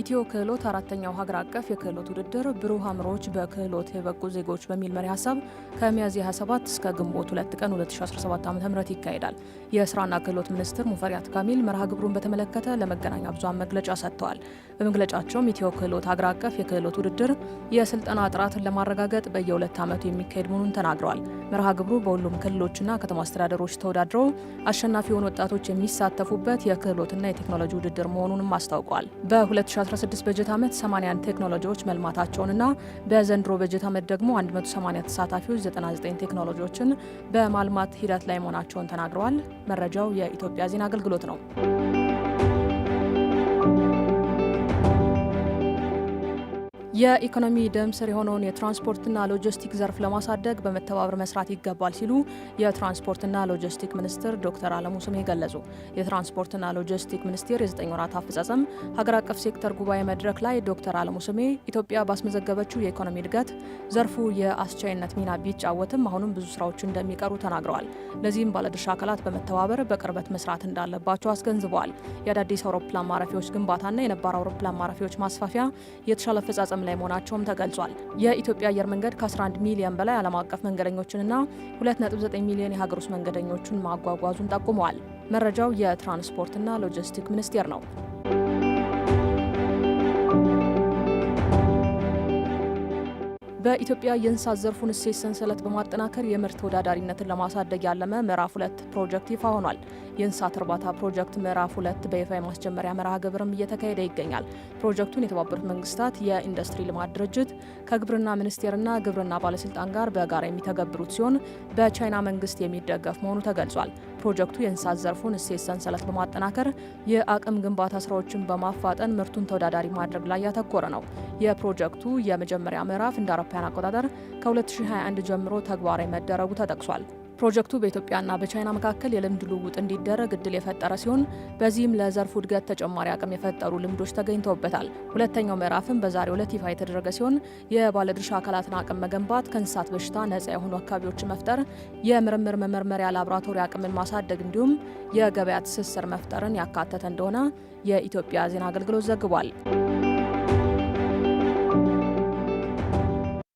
ኢትዮ ክህሎት አራተኛው ሀገር አቀፍ የክህሎት ውድድር ብሩህ አእምሮዎች በክህሎት የበቁ ዜጎች በሚል መሪ ሀሳብ ከሚያዝያ 27 እስከ ግንቦት 2 ቀን 2017 ዓ ም ይካሄዳል። የስራና ክህሎት ሚኒስትር ሙፈሪያት ካሚል መርሃ ግብሩን በተመለከተ ለመገናኛ ብዙሃን መግለጫ ሰጥተዋል። በመግለጫቸውም ኢትዮ ክህሎት ሀገር አቀፍ የክህሎት ውድድር የስልጠና ጥራትን ለማረጋገጥ በየሁለት ዓመቱ የሚካሄድ መሆኑን ተናግረዋል። መርሃ ግብሩ በሁሉም ክልሎችና ከተማ አስተዳደሮች ተወዳድረው አሸናፊ የሆኑ ወጣቶች የሚሳተፉበት የክህሎትና የቴክኖሎጂ ውድድር መሆኑንም አስታውቋል። በ በ በጀት ዓመት 81 ቴክኖሎጂዎች መልማታቸውንና በዘንድሮ በጀት ዓመት ደግሞ 180 ተሳታፊዎች 99 ቴክኖሎጂዎችን በማልማት ሂደት ላይ መሆናቸውን ተናግረዋል። መረጃው የኢትዮጵያ ዜና አገልግሎት ነው። የኢኮኖሚ ደም ስር የሆነውን የትራንስፖርትና ሎጂስቲክ ዘርፍ ለማሳደግ በመተባበር መስራት ይገባል ሲሉ የትራንስፖርትና ሎጂስቲክ ሚኒስትር ዶክተር አለሙ ስሜ ገለጹ። የትራንስፖርትና ሎጂስቲክ ሚኒስቴር የዘጠኝ ወራት አፈጻጸም ሀገር አቀፍ ሴክተር ጉባኤ መድረክ ላይ ዶክተር አለሙ ስሜ ኢትዮጵያ ባስመዘገበችው የኢኮኖሚ እድገት ዘርፉ የአስቻይነት ሚና ቢጫወትም አሁንም ብዙ ስራዎች እንደሚቀሩ ተናግረዋል። ለዚህም ባለድርሻ አካላት በመተባበር በቅርበት መስራት እንዳለባቸው አስገንዝበዋል። የአዳዲስ አውሮፕላን ማረፊያዎች ግንባታና የነባር አውሮፕላን ማረፊያዎች ማስፋፊያ የተሻለ አፈጻጸም ላይ መሆናቸውም ተገልጿል። የኢትዮጵያ አየር መንገድ ከ11 ሚሊዮን በላይ ዓለም አቀፍ መንገደኞችንና 2.9 ሚሊዮን የሀገር ውስጥ መንገደኞቹን ማጓጓዙን ጠቁመዋል። መረጃው የትራንስፖርትና ሎጂስቲክ ሚኒስቴር ነው። በኢትዮጵያ የእንስሳት ዘርፉን እሴት ሰንሰለት በማጠናከር የምርት ተወዳዳሪነትን ለማሳደግ ያለመ ምዕራፍ ሁለት ፕሮጀክት ይፋ ሆኗል። የእንስሳት እርባታ ፕሮጀክት ምዕራፍ ሁለት በይፋ የማስጀመሪያ መርሃ ግብርም እየተካሄደ ይገኛል። ፕሮጀክቱን የተባበሩት መንግስታት የኢንዱስትሪ ልማት ድርጅት ከግብርና ሚኒስቴርና ግብርና ባለስልጣን ጋር በጋራ የሚተገብሩት ሲሆን በቻይና መንግስት የሚደገፍ መሆኑ ተገልጿል። ፕሮጀክቱ የእንስሳት ዘርፉን እሴት ሰንሰለት በማጠናከር የአቅም ግንባታ ስራዎችን በማፋጠን ምርቱን ተወዳዳሪ ማድረግ ላይ ያተኮረ ነው። የፕሮጀክቱ የመጀመሪያ ምዕራፍ እንደ አውሮፓውያን አቆጣጠር ከ2021 ጀምሮ ተግባራዊ መደረጉ ተጠቅሷል። ፕሮጀክቱ በኢትዮጵያና በቻይና መካከል የልምድ ልውውጥ እንዲደረግ እድል የፈጠረ ሲሆን በዚህም ለዘርፉ እድገት ተጨማሪ አቅም የፈጠሩ ልምዶች ተገኝተውበታል። ሁለተኛው ምዕራፍም በዛሬው ዕለት ይፋ የተደረገ ሲሆን የባለድርሻ አካላትን አቅም መገንባት፣ ከእንስሳት በሽታ ነጻ የሆኑ አካባቢዎችን መፍጠር፣ የምርምር መመርመሪያ ላቦራቶሪ አቅምን ማሳደግ እንዲሁም የገበያ ትስስር መፍጠርን ያካተተ እንደሆነ የኢትዮጵያ ዜና አገልግሎት ዘግቧል።